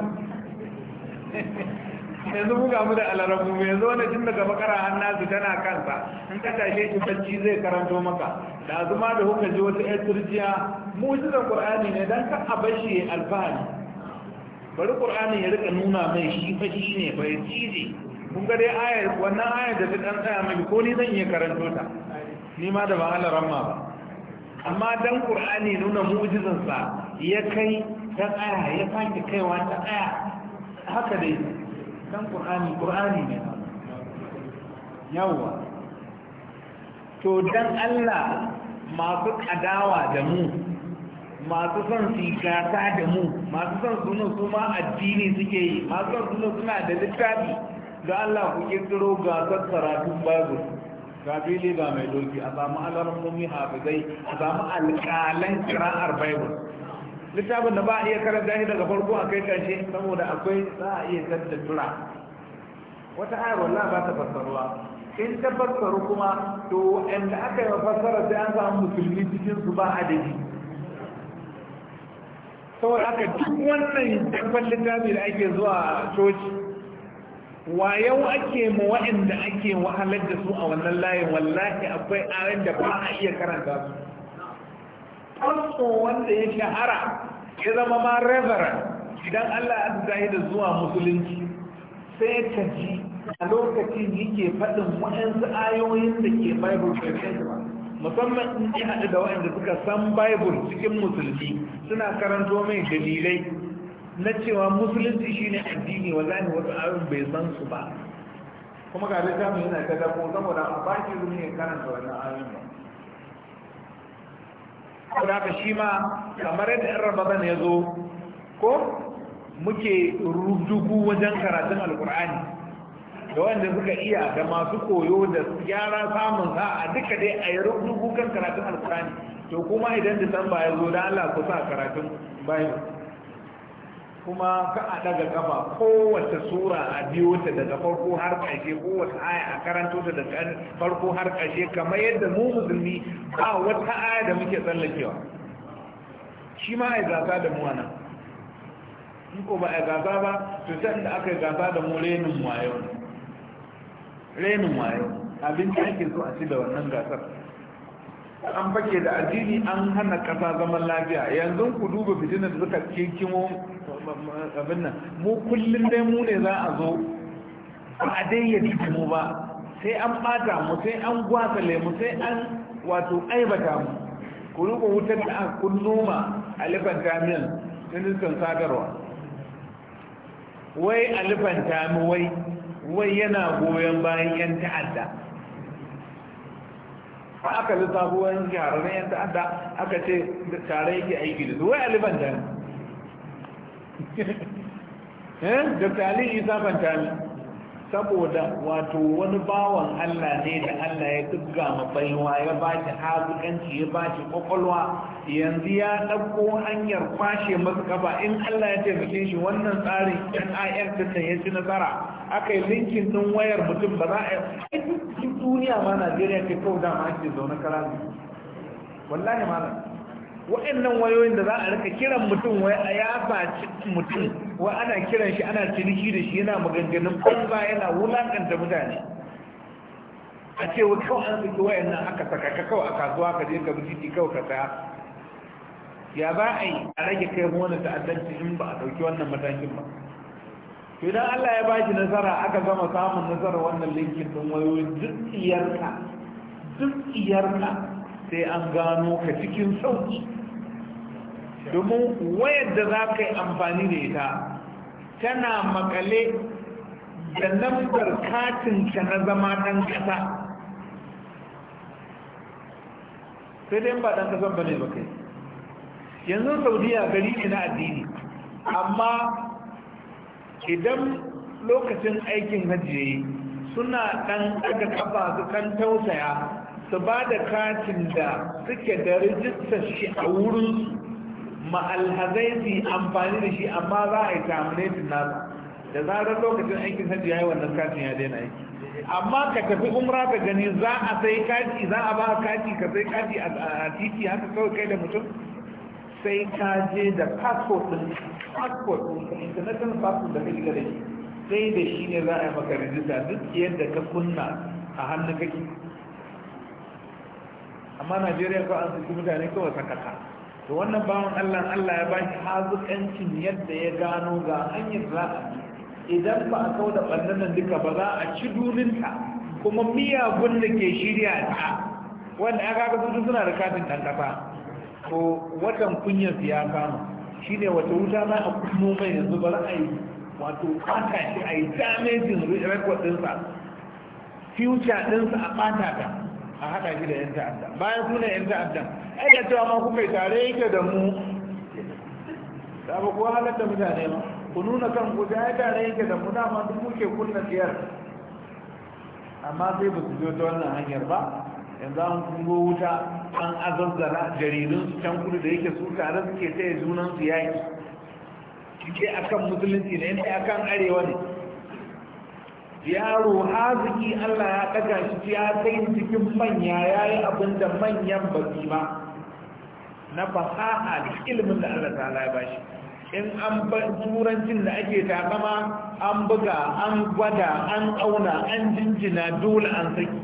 yanzu buga mu da alaran mu yanzu wani tun daga bakara hannu tana kansa in ka tashe shi bacci zai karanto maka da zuma da hukaji wata yan turjiya mu shi da qur'ani ne dan ka abashi alfahari bari qur'ani ya rika nuna mai shi fashi ne bai cije. kun ga dai ayar wannan ayar da ta tsaya mai ko ni zan iya karanto ta ni ma da ba Allah ramma ba amma dan qur'ani nuna mu'jizan sa ya kai ta tsaya ya fanki kaiwa ta tsaya haka dai dan qur'ani qur'ani ne yawwa to dan Allah masu kadawa da mu masu son su yi gasa da mu masu son suna su ma addini suke yi masu son suna suna da littafi da Allah ku kirkiro gasar babu kafi ne ba mai doki a samu alarmomi hafizai a samu alƙalan kira'ar bible littafin da ba a iya karanta shi daga farko a kai kashe, saboda akwai za a iya tura. wata ayar wallah ba ta fassarwa in ta fassaru kuma to yanda aka yi fassara sai an samu musulmi cikin su ba adadi saboda haka duk wannan dabban littafi da ake zuwa coci wayau ake ma waɗanda ake wahalar da su a wannan layin wallahi akwai ayoyin da ba a iya karanta su wanda ya shahara ya zama ma reverend idan Allah ya zahi da zuwa musulunci sai ya ji a lokacin yake faɗin waɗansu ayoyin da ke bible ba musamman in ji haɗu da waɗanda suka san bible cikin musulmi suna karanto mai dalilai na cewa musulunci shine addini wallahi wasu abin bai san su ba kuma ga samun yana ta dafo saboda a baki zuni ya karanta wannan abin ba Da haka shi ma kamar yadda yan ramadan ya zo ko muke rudugu wajen karatun alkur'ani da wanda suka iya da masu koyo da gyara samun a duka dai a yi rubutu kan karatun alkurani to kuma idan disamba ya zo da allah ku sa karatun bayan kuma ka a daga gaba kowace sura a biyo ta daga farko har ƙarshe kowace aya a karanto ta daga farko har ƙashe, kamar yadda mu musulmi ba wata aya da muke tsallakewa shi ma a gasa da mu nan in ko ba a gasa ba to san da aka gasa da mu renin mu a yau renin waye abin da ake so a ci da wannan gasar an fake da addini an hana kasa zaman lafiya yanzu ku duba fitinar da suka kinkimo abin nan mu kullum dai mu ne za a zo ba a dai ya mu ba sai an bata mu sai an gwasa lemu sai an wato aibata mu ku ruba wutar da aka ma a lifan jami'an ministan sadarwa wai a lifan tami wai wai yana goyon bayan 'yan ta'adda ba aka bi sabuwan shahararren 'yan ta'adda aka ce tare yake aiki da wai aliban da ne eh da ali isa fantami saboda wato wani bawan Allah ne da Allah ya tugga mafaiwa ya ba shi hazukanci ya ba shi kwakwalwa yanzu ya ɗauko hanyar kwashe masu kaba in Allah ya taimake shi wannan tsarin NIS din ta ya ci nasara aka yi linkin ɗin wayar mutum ba za a yi duniya ma Najeriya ke kawo dama ake zaune kara wallahi wa'annan wayoyin da za a rika kiran mutum wai a faci mutum wa ana kiran shi ana ciniki da shi yana maganganun banza yana wulaƙanta mutane a ce wa kawai an saki wayannan aka saka ka kawai a kasuwa ka je ka bi titi kawai ka saya ya ba a yi a rage kai mu wani ta'addanci in ba a ɗauki wannan matakin ba to idan Allah ya baki nasara aka gama samun nasarar wannan linkin din wayoyin duk iyarka duk iyarka sai an gano ka cikin sauki domin wayar da za ka yi amfani da ita tana makale da lambar katinka na zama ɗan ƙasa sai dai ba ɗan ƙasan ba ne ba kai yanzu saudiya gari ne na addini amma idan lokacin aikin hajji suna ɗan ɗaga kafa su kan tausaya su ba da katin da suke da rijistar shi a wurinsu ma'alhazai su yi amfani da shi amma za a yi terminatin nasa da zarar lokacin aikin hajji ya yi wannan katin ya daina aiki amma ka tafi umra ka gani za a sai kati za a ba kati ka sai kati a titi haka kawai kai da mutum sai ka je da passport din passport din international passport da kake da shi sai da shi ne za a yi maka rijista duk yadda ka kunna a hannun kake amma najeriya ko an saki mutane kawai sakaka to wannan bawan Allah Allah ya bashi hazukancin yadda ya gano ga hanyar za a bi idan ba a kawo da ɓannan duka ba za a ci duninta kuma miyagun da ke shirya ta wanda aka ga su suna da katin ɗan ƙasa to watan kunyar su ya kama shi ne wata wuta za a kuma mai yanzu ba za a yi wato ɓata shi a yi damajin rekod ɗinsa future ɗinsa a ɓata ta a haɗa shi da 'yan ta'adda bayan suna 'yan ta'adda ai da amma kuma kuka tare yake da mu da ba kuwa halatta mutane ma ku nuna kan ku da ya tare yake da mu dama duk muke kunna siyar amma sai ba su zo ta wannan hanyar ba yanzu an kungo wuta an azazzara jaridun su can kudu da yake su tare suke taya junan su yaki ke akan musulunci ne inda akan arewa ne yaro haziki Allah ya ɗaga shi ya kai cikin manya ya yi abin da manyan baki ba na fasaha da ilimin da Allah ta'ala ya bashi in an ba turancin da ake takama an buga an gwada an auna an jinjina dole an saki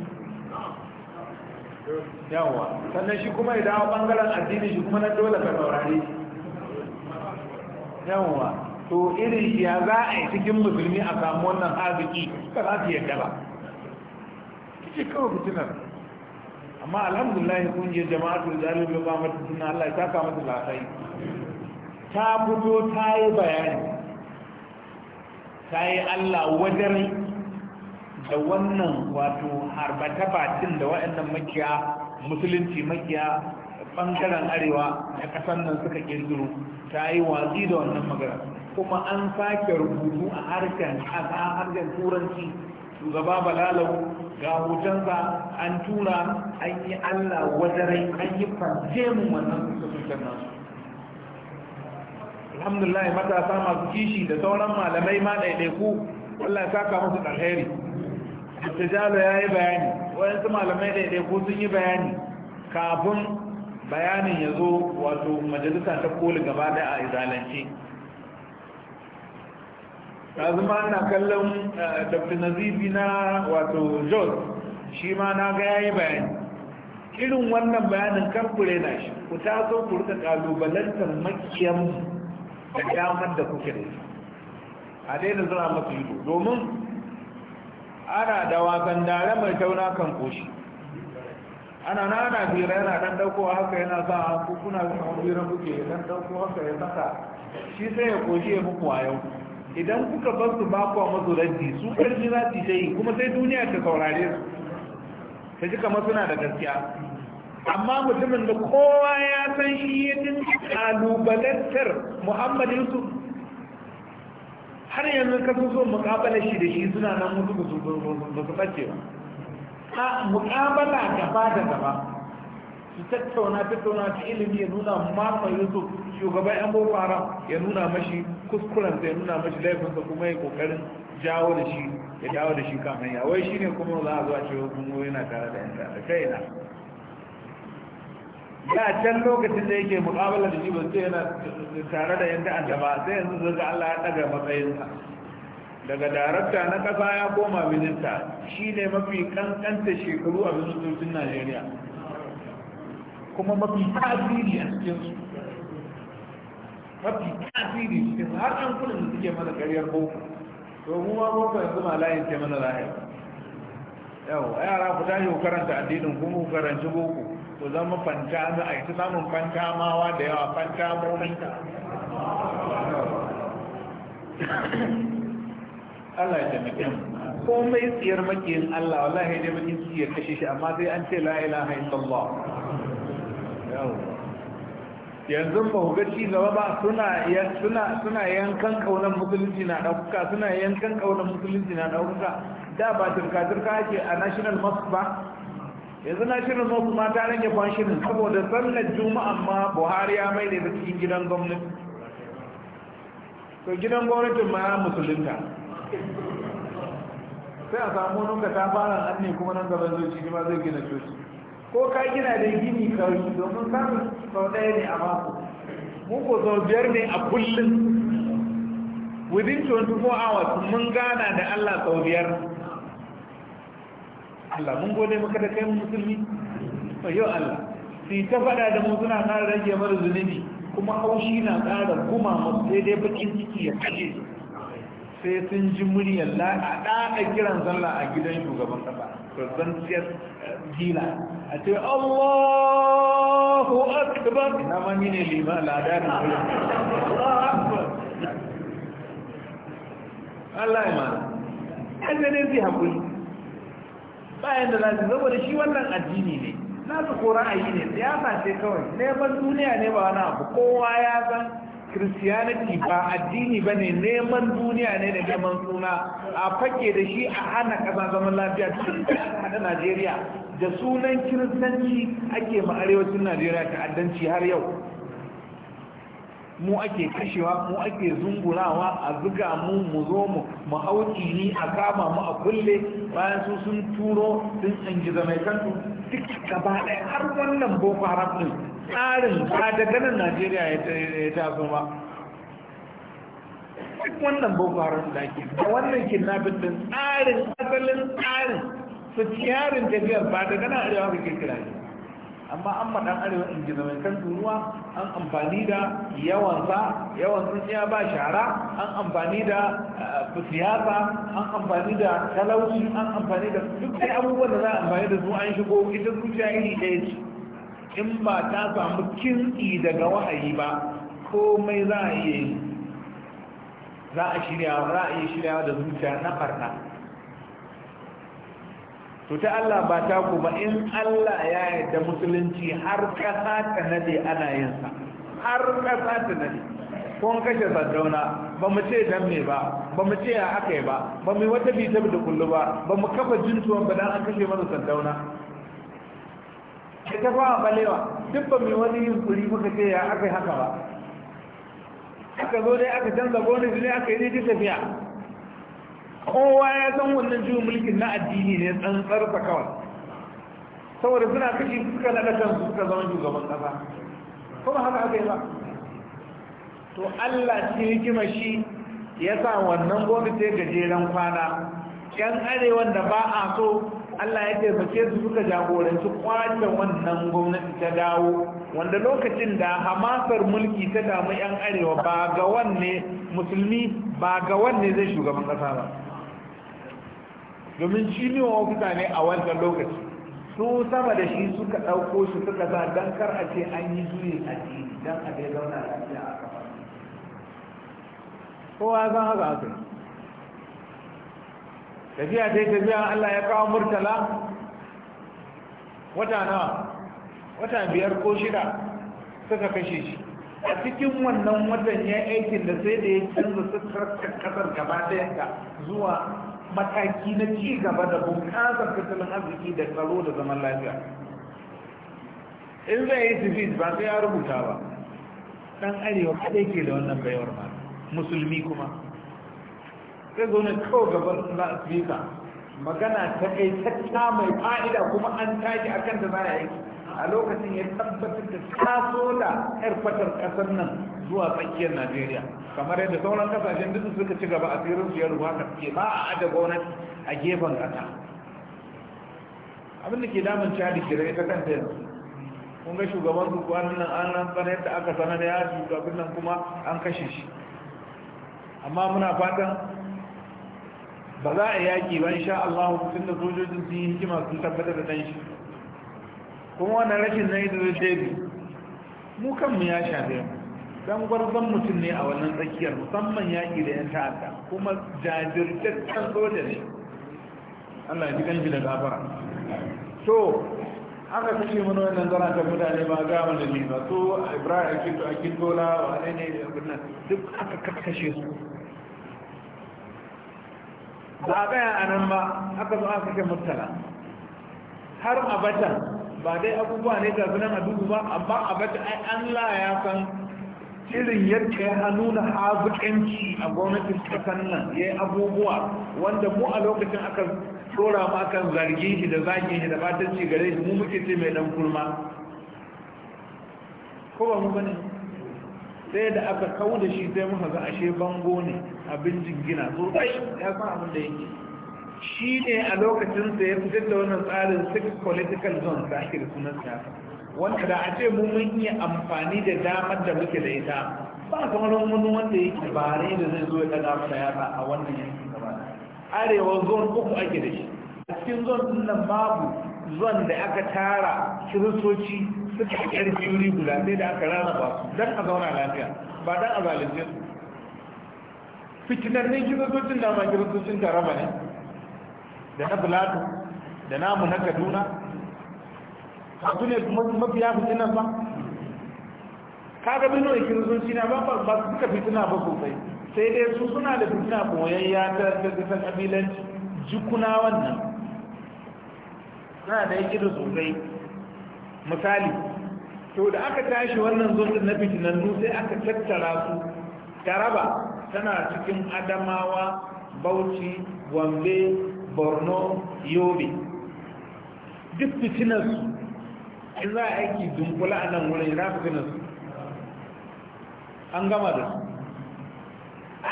yawa sannan shi kuma idan a bangaren addini shi kuma na dole ka saurare yawa to irin ya za a yi cikin musulmi a samu wannan haziki ba za su yadda ba kike kawai fitinar amma alhamdulillah kungiyar jama'atul zalim ba ma tunna Allah ya saka mata lafai ta fito ta yi bayani ta yi Allah wajen da wannan wato harbata batin da waɗannan makiya musulunci makiya bangaren arewa da ƙasar nan suka kirkiro ta yi watsi da wannan magana kuma an sake rubutu a harshen ƙasa harshen turanci shugaba balalau ga hotonsa an tura an yi allah wadarai an yi fantemun wannan kusurkan nasu alhamdulillah matasa masu kishi da sauran malamai ma ɗaiɗaiku wallahi saka musu alheri Jalo ya yi bayani wayansu malamai ɗaiɗaiku sun yi bayani kafin bayanin ya zo wato majalisa ta koli gaba da a izalance zama na kallon eh, dr nazifi na wato jos shi ma na ga yayi bayani irin wannan bayanin kamfure na shi ku taso ku rika kalubalantar makiyan da damar da kuke da a daina zura masu yi domin ana da wasan dare mai tauna kan koshi ana na ana fira yana dan dauko haka yana sa haku kuna fira kuke dan dauko haka ya saka shi sai ya koshi ya muku a yau idan kuka bar su ba kuwa masu su karfi za su yi kuma sai duniya ta saurare su ta ji kamar suna da gaskiya amma mutumin da kowa ya san shi ya din kalubalantar muhammad yusuf har yanzu ka so mukabala shi da shi suna nan mutu ba su ɓace ba a mukabala gaba da gaba su tattauna tattauna ta ilimi ya nuna mafa yusuf shugaban yan boko ya nuna mashi kuskuren sai nuna mashi laifinsa kuma ya kokarin jawo da shi ya jawo da shi kan hanya wai shine kuma za a zuwa cewa kuma yana tare da yanka da kai na ya can lokacin da yake mukabala da shi ba sai yana tare da yanka an ba sai yanzu ga Allah ya daga matsayinsa daga darakta na kasa ya koma minista shi ne mafi kankanta shekaru a ministocin najeriya kuma mafi tasiri a cikinsu mafi tasiri cikin har an kudin da suke mana karyar boko to mu ma boko yanzu ma layin ce mana layin yau yara ku tashi ku karanta addinin ku, ku karanci boko ku zama fanta a yi samun mawa da yawa fanta momin Allah ya taimake mu mai tsiyar makiyin Allah wallahi ne makin tsiyar kashe shi amma sai an ce la ilaha illallah yau yanzu ba ku ga gaba ba suna suna suna yankan kaunar musulunci na ɗaukuka suna yankan kaunar musulunci na ɗaukaka da ba turka turka ake a national mosque ba yanzu national mosque ma ta rage kwanshin saboda sallar juma'a ma buhari ya mai da cikin gidan gwamnati to gidan gwamnatin ma ya musulunta sai a samu nuka ta fara an ne kuma nan gaban zuci ma zai gina coci ko ka gina da gini kawai domin samun sau ɗaya ne a mako mun ko sau biyar ne a kullum within 24 hours mun gana da Allah sau biyar Allah mun gode maka da kai musulmi yau Allah sai ta faɗa da mu suna kara rage mara zunubi kuma haushi na kara guma masu sai dai bakin ciki ya kaje sai sun ji muryar la'a ɗaya kiran sallah a gidan shugaban ƙasa babbanciyar gila a ce allahu akbar na mani ne lima ladarin wurin allah ya mana da ne zai haƙuri bayan da lafi da shi wannan addini ne na su ko ra'ayi ne siyasa ce kawai neman duniya ne ba wani abu kowa ya san christianity ba addini ba ne neman duniya ne da neman suna a fake da shi a hana ƙasa zaman lafiya tun da najeriya da sunan kiristanci ake ma arewacin najeriya ta'addanci har yau mu ake kashewa mu ake zungurawa a zuga mu mu zo mu mu hauki ni a kama mu a kulle bayan su sun turo sun an gizamaitansu duk gaba ɗaya har wannan boko haram ɗin tsarin ba da ganin najeriya ya tafi ba duk wannan bukwarar da ke da wannan kidnapping din tsarin asalin tsarin su ciyarin tafiyar ba da ganin arewa ke kira ne amma an maɗan arewa in mai kan turuwa an amfani da yawansa yawan tsintsiya ba shara an amfani da eh, siyasa an amfani da talauci an amfani da duk dai abubuwan da za a amfani da su an shigo ita zuciya iri ɗaya ce in ba ta samu kintsi daga wahayi ba komai za a iya yi za a shiryawa shiryawa da zuciya na farna to ta Allah ba ta kuma in Allah ya yarda musulunci har kasa ta nade ana yin sa har kasa ta nade kun kashe sadauna ba mu ce dan me ba ba mu ce ya aka yi ba ba mu wata bita da kullu ba ba mu kafa jintuwan ba dan an kashe mana sadauna ita ba balewa duk ba mai wani yin kuri muka ce ya aka haka ba aka zo dai aka canza gona ne aka yi dai tafiya kowa ya san wannan juyin mulkin na addini ne tsantsar tsarsa kawai saboda suna kashi suka na kan suka zama shugaban ƙasa kuma haka aka yi ba to Allah ce kima shi ya sa wannan ce gajeren kwana yan arewan da ba a so Allah ya taimake su suka jagoranci kwace wannan gwamnati ta dawo wanda lokacin da hamasar mulki ta damu 'yan arewa ba ga wanne musulmi ba ga wanne zai shugaban kasa ba domin shi ne ofisa ne a wancan lokaci su sama da shi suka ɗauko shi suka sa don kar a ce an yi juyi a ciki a dai zauna lafiya a kafa kowa zan haka haka tafiya ta yi tafiya Allah ya kawo murtala wata nawa wata biyar ko shida suka kashe shi a cikin wannan watan ya aikin da sai da ya canza sukar kasar gaba ka zuwa mataki na ci gaba da bunƙasar tattalin arziki da tsaro da zaman lafiya in zai yi sifis ba sai ya rubuta ba ɗan arewa kaɗai ke da wannan bayawar ma musulmi kuma sai zo ne kawai gaban suna afirka magana ta kai tacca mai fa'ida kuma an tashi a kan da za a yi a lokacin ya tabbatar da taso da yar fatar ƙasar nan zuwa tsakiyar najeriya kamar yadda sauran kasashen duk suka ci gaba a tsirin su ya ruwa ke ba a ada gwamnati a gefen ƙasa abin da ke damun cadi kira ta kanta yanzu kun ga shugaban su kwanan nan an yadda aka sanar ya shugabin nan kuma an kashe shi amma muna fatan ba za a yaƙi ba insha Allah tun da sojojin sun yi hikima sun tabbatar da ɗan shi kuma wannan rashin na da dabi mu kanmu ya shafe mu dan gwarzon mutum ne a wannan tsakiyar musamman yaƙi da yan ta'adda kuma jajirtaccen soja ne Allah ya ji kanshi da gafara to aka kashe mana wannan zara ta mutane ba ga mana ne ba a Ibrahim Akintola wa ne ne duk aka kakkashe su ba a gaya a nan ba aka zo aka kai murtala har abata ba dai abubuwa ne ga nan a duhu ba amma abata ai an laya kan san irin yadda ya nuna hazuƙanci a gwamnatin ƙasar nan ya yi abubuwa wanda mu a lokacin aka tsora ma kan zargi shi da zagin shi da batanci gare shi mu muke ce mai dan kurma ko ba mu bane sai da aka kawo da shi sai muka ga ashe bango ne a abin jingina tsotsai ya san abin da yake shi ne a lokacin sa ya fitar da wannan tsarin six political zones da ake da sunan siyasa wanda da a ce mu mun yi amfani da damar da muke da ita ba kamar wani wanda yake bare da zai zo ya daga mana yasa a wannan yankin gaba arewa zone uku ake da shi a cikin zone din nan babu zone da aka tara kiristoci suka yi ƙarfi yuri guda sai da aka ba su don a zauna lafiya ba don a zalunce su fitinar ne kiristocin da ma kiristocin taraba ne da na bulatu da namu na kaduna su ne mafiya fitinar ba ga bino da kiristoci na ba ba su suka fitina ba sosai sai dai su suna da fitina boyayya ta tattasar kabilanci jikuna wannan suna da ya kira sosai misali to da aka tashi wannan zurfin na fitinannu sai aka tattara su taraba tana cikin adamawa bauchi gombe borno yobe duk su. in za a aiki dunkula a nan wurin ya su. an gama da su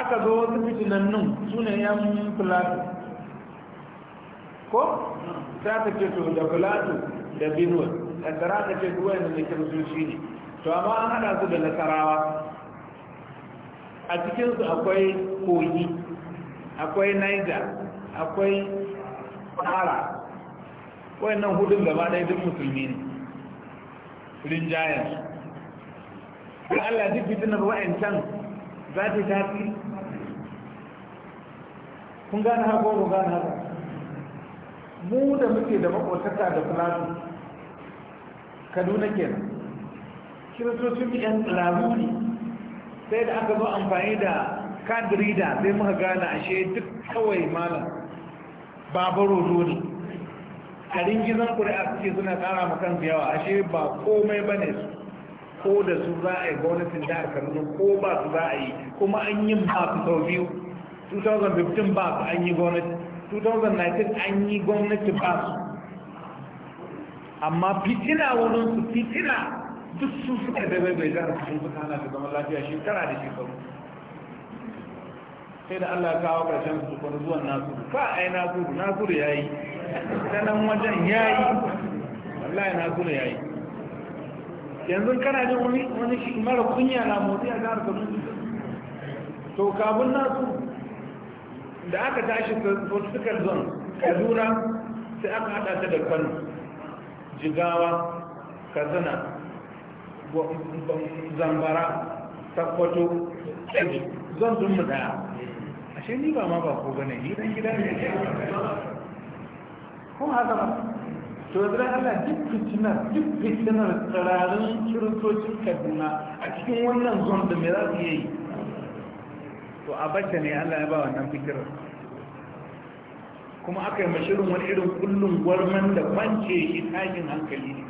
aka zo wasu fitinannun su ne yan plato ko za ta ce to da plato da benue kaddara ka ce duwa yanzu mai kiristoci ne to amma an hada su da nasarawa a cikinsu akwai kogi akwai naija akwai tsara nan hudun gaba ɗaya duk musulmi ne rinjayen su Allah duk fitinar can za ta tafi kun gane haka ko gane haka mu da muke da makwataka da fulatu kaduna kenan kiristocin yan labu ne sai da aka zo amfani da kadirida sai muka gane ashe duk kawai malam babaro zo ne a ringizan kuri'a suke suna tsara makan yawa ashe ba komai ba ne su ko da su za a yi gwamnatin jihar kaduna ko ba su za a yi kuma an yi ba su sau biyu 2015 ba su an yi gwamnati 2019 an yi gwamnati ba su amma fitina wurin su fitina duk sun suka da bai zara su suka hana su zama lafiya shekara da shekaru sai da Allah kawo karshen su kwanu zuwan nasu ka ai nasu nasu da yayi sanan wajen yayi wallahi nasu da yayi yanzu kana jin wani wani shi mara kunya na motsi a ka mutu to kabun nasu da aka tashi sun suka zon Kaduna sai aka hada ta da kwanu jigawa kazana zambara takwato zan sun mu daya shi ni ba ma ba ko gane ni dan gida ne ko haka ba to da Allah duk fitinar duk fitinar tsirarin kiristocin kaduna a cikin wannan zon da me za su yi to a bacce ne Allah ya ba wannan fikirar kuma aka yi mashirin wani irin kullum gwarman da kwance shi tashin hankali ne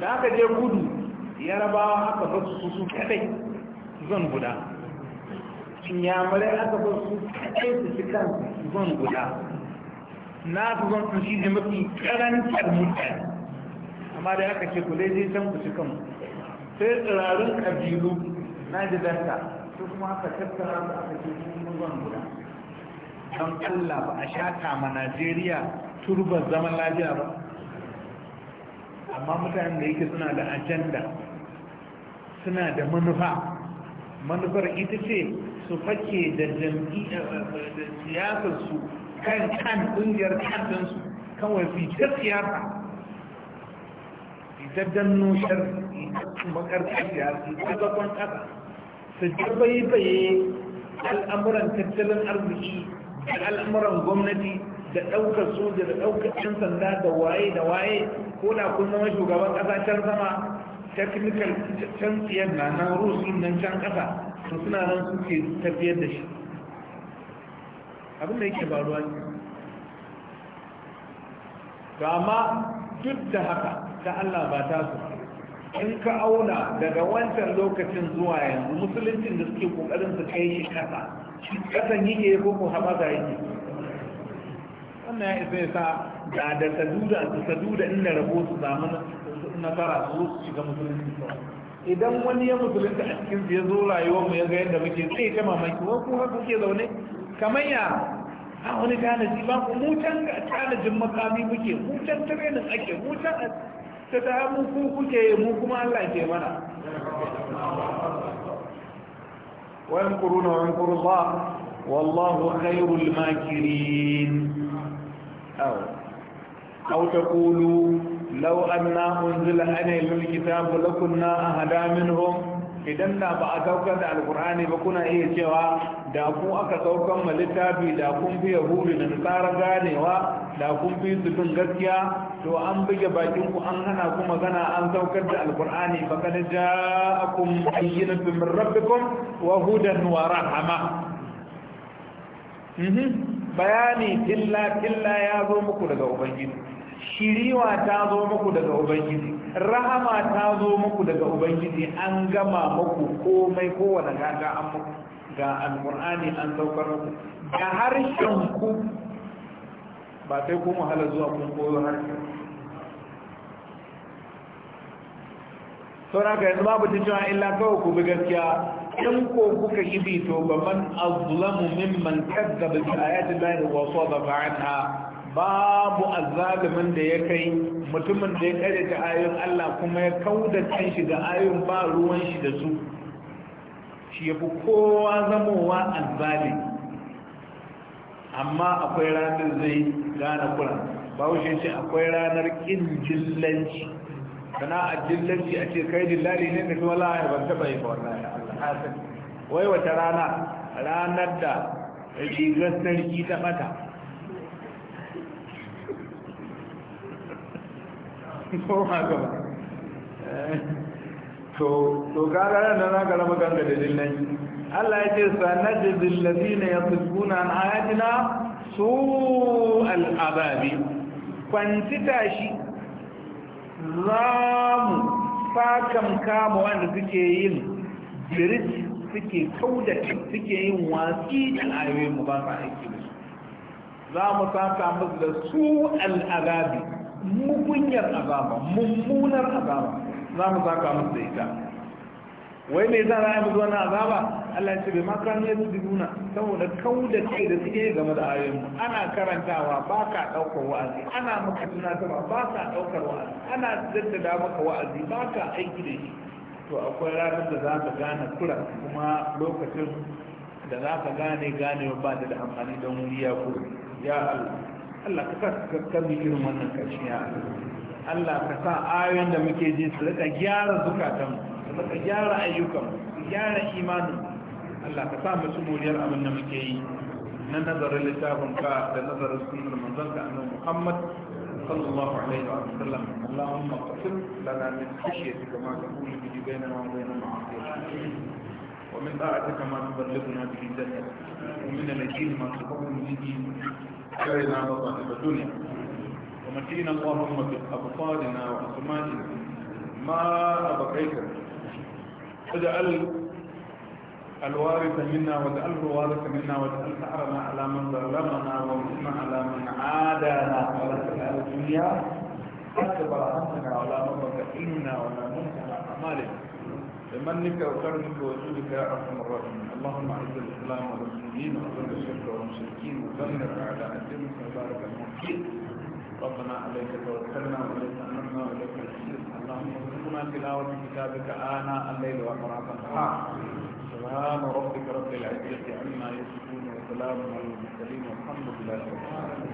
da aka je gudu ya rabawa aka fasu su su kadai zan guda inyamurai aka fasu su kadai su ci kan zan guda na su zan su shi ne mafi karantar mutane amma da aka ce ku daidai can ku cikin sai tsirarin kabilu na jidanta su kuma aka tattara su aka ce su zan guda don Allah ba a shata ma Najeriya turbar zaman lafiya ba amma mutanen da yake suna da ajanda suna da manufa manufar ita ce su fake da siyasarsu kan kan ƙungiyar kantinsu kawai fitar siyasa don nushar bakar siyasa bakon ƙasa su jirbai baye al'amuran tattalin arziki da al'amuran gwamnati da ɗaukar soja da ɗaukar ɗan sanda da waye da waye ko da kun zama shugaban ƙasa can sama technical can tsiyar na nan rusun nan can ƙasa to suna nan suke tafiyar da shi abin da yake faruwa ne ga ma duk da haka ta Allah ba ta su in ka auna daga wancan lokacin zuwa yanzu Musulunci da suke kokarin su kai shi kasa kasan yake ko ko haɓaka yake wannan ya isa ya sa da da saduda su saduda inda rabo su samu nasara su zo su shiga musulunci idan wani ya musulunta a cikin ya zo rayuwar mu ya ga yadda muke zai ta mamaki wa ko haka kuke zaune kamar ya a wani tanaji ba ku mu mutan tanajin makami muke mutan training ake mutan ta ta mu ku kuke mu kuma Allah ke mana ويمكرون ويمكر الله والله خير الماكرين أو أو تقولوا لو أنا أنزل عليهم الكتاب لكنا أهدى منهم idan da ba a saukar da alkur'ani ba kuna iya cewa da ku aka saukar ma littafi da kun fi yahudu da tsara ganewa da kun fi su gaskiya to an buge bakin ku an hana ku magana an saukar da alkur'ani fa kad ja'akum bayyinatun min rabbikum wa hudan wa rahama mhm. bayani illa illa ya zo muku daga ubangiji shiriwa ta zo muku daga ubangiji rahama ta zo muku daga ubangiji an gama muku komai kowane gaga an muku ga alkur'ani an saukar muku ga harshen ku ba sai ku wahala zuwa kun koyo harshen saura ka yanzu babu cewa illa kawai ku bi gaskiya in ko kuka yi bito ba man azlamu mimman kazzaba bi ayati llahi wa sadaqa anha babu azzalumin da ya kai mutumin da ya karyata ayoyin Allah kuma ya kauda kan shi da ayoyin ba ruwan shi da su shi ya fi kowa zamowa azzalim amma akwai ranar zai gane kuran wuce ce akwai ranar ƙin jillanci sana'ar jillanci a ce kai dillali ne da kuma la'ayar ban taɓa yi ba wallahi wai wata rana ranar da rigar sarki ta bata ko ma gaba to to kaga nan na ga magan da dillai Allah ya ce sanajidil ladina yasbuna an ayatina su al'ababi kwanci tashi za mu sakan kama wanda suke yin birji suke kauda suke yin watsi da ayoyin mu ba sa aiki da su za mu saka musu da su al'ababi mugunyar azaba mummunar azaba za mu saka musu da ita wai mai zara ya yi musu azaba Allah ya ce bai maka ne su dubuna saboda kawo da kai da suke game da ayoyin ana karantawa ba ka ɗaukar wa'azi ana maka tunatarwa ba ka ɗaukar wa'azi ana jaddada maka wa'azi ba ka aiki da shi to akwai ranar da za ka gane kura kuma lokacin da za ka gane ganewa ba da amfani don wuri ya ya Allah Allah ka kakkar mu irin wannan karshe Allah ka sa ayoyin da muke ji su rika gyara zukatan su rika gyara ayyukan su gyara imanin Allah ka sa mu su abin da muke yi na nazarin littafin ka da nazarin sunnar manzon ka annabi Muhammad صلى الله عليه وسلم اللهم اقسم لنا من خشيتك ما تقول به بيننا وبين معصيتك ومن طاعتك ما تبلغنا به جنتك ومن اليقين ما تقوم به كرنا مصاحب الدنيا ومتينا اللهم في أبصارنا ما أبقيك اجعل الوارث منا واجعله الوارث منا واجعل سحرنا على من ظلمنا وانصرنا على من عادانا ولا تجعل الدنيا أكبر همنا ولا مبلغ إنا ولا ننسى أعمالنا بمنك وكرمك وجودك يا ارحم الراحمين اللهم اعز الاسلام والمسلمين وذل الشرك والمشركين ودمر اعداء الدين وبارك المحسنين ربنا عليك توكلنا واليك امنا واليك المصير اللهم ارزقنا تلاوه كتابك اناء الليل واطراف النهار سبحان ربك رب العزه عما يصفون وسلام على المرسلين والحمد لله رب العالمين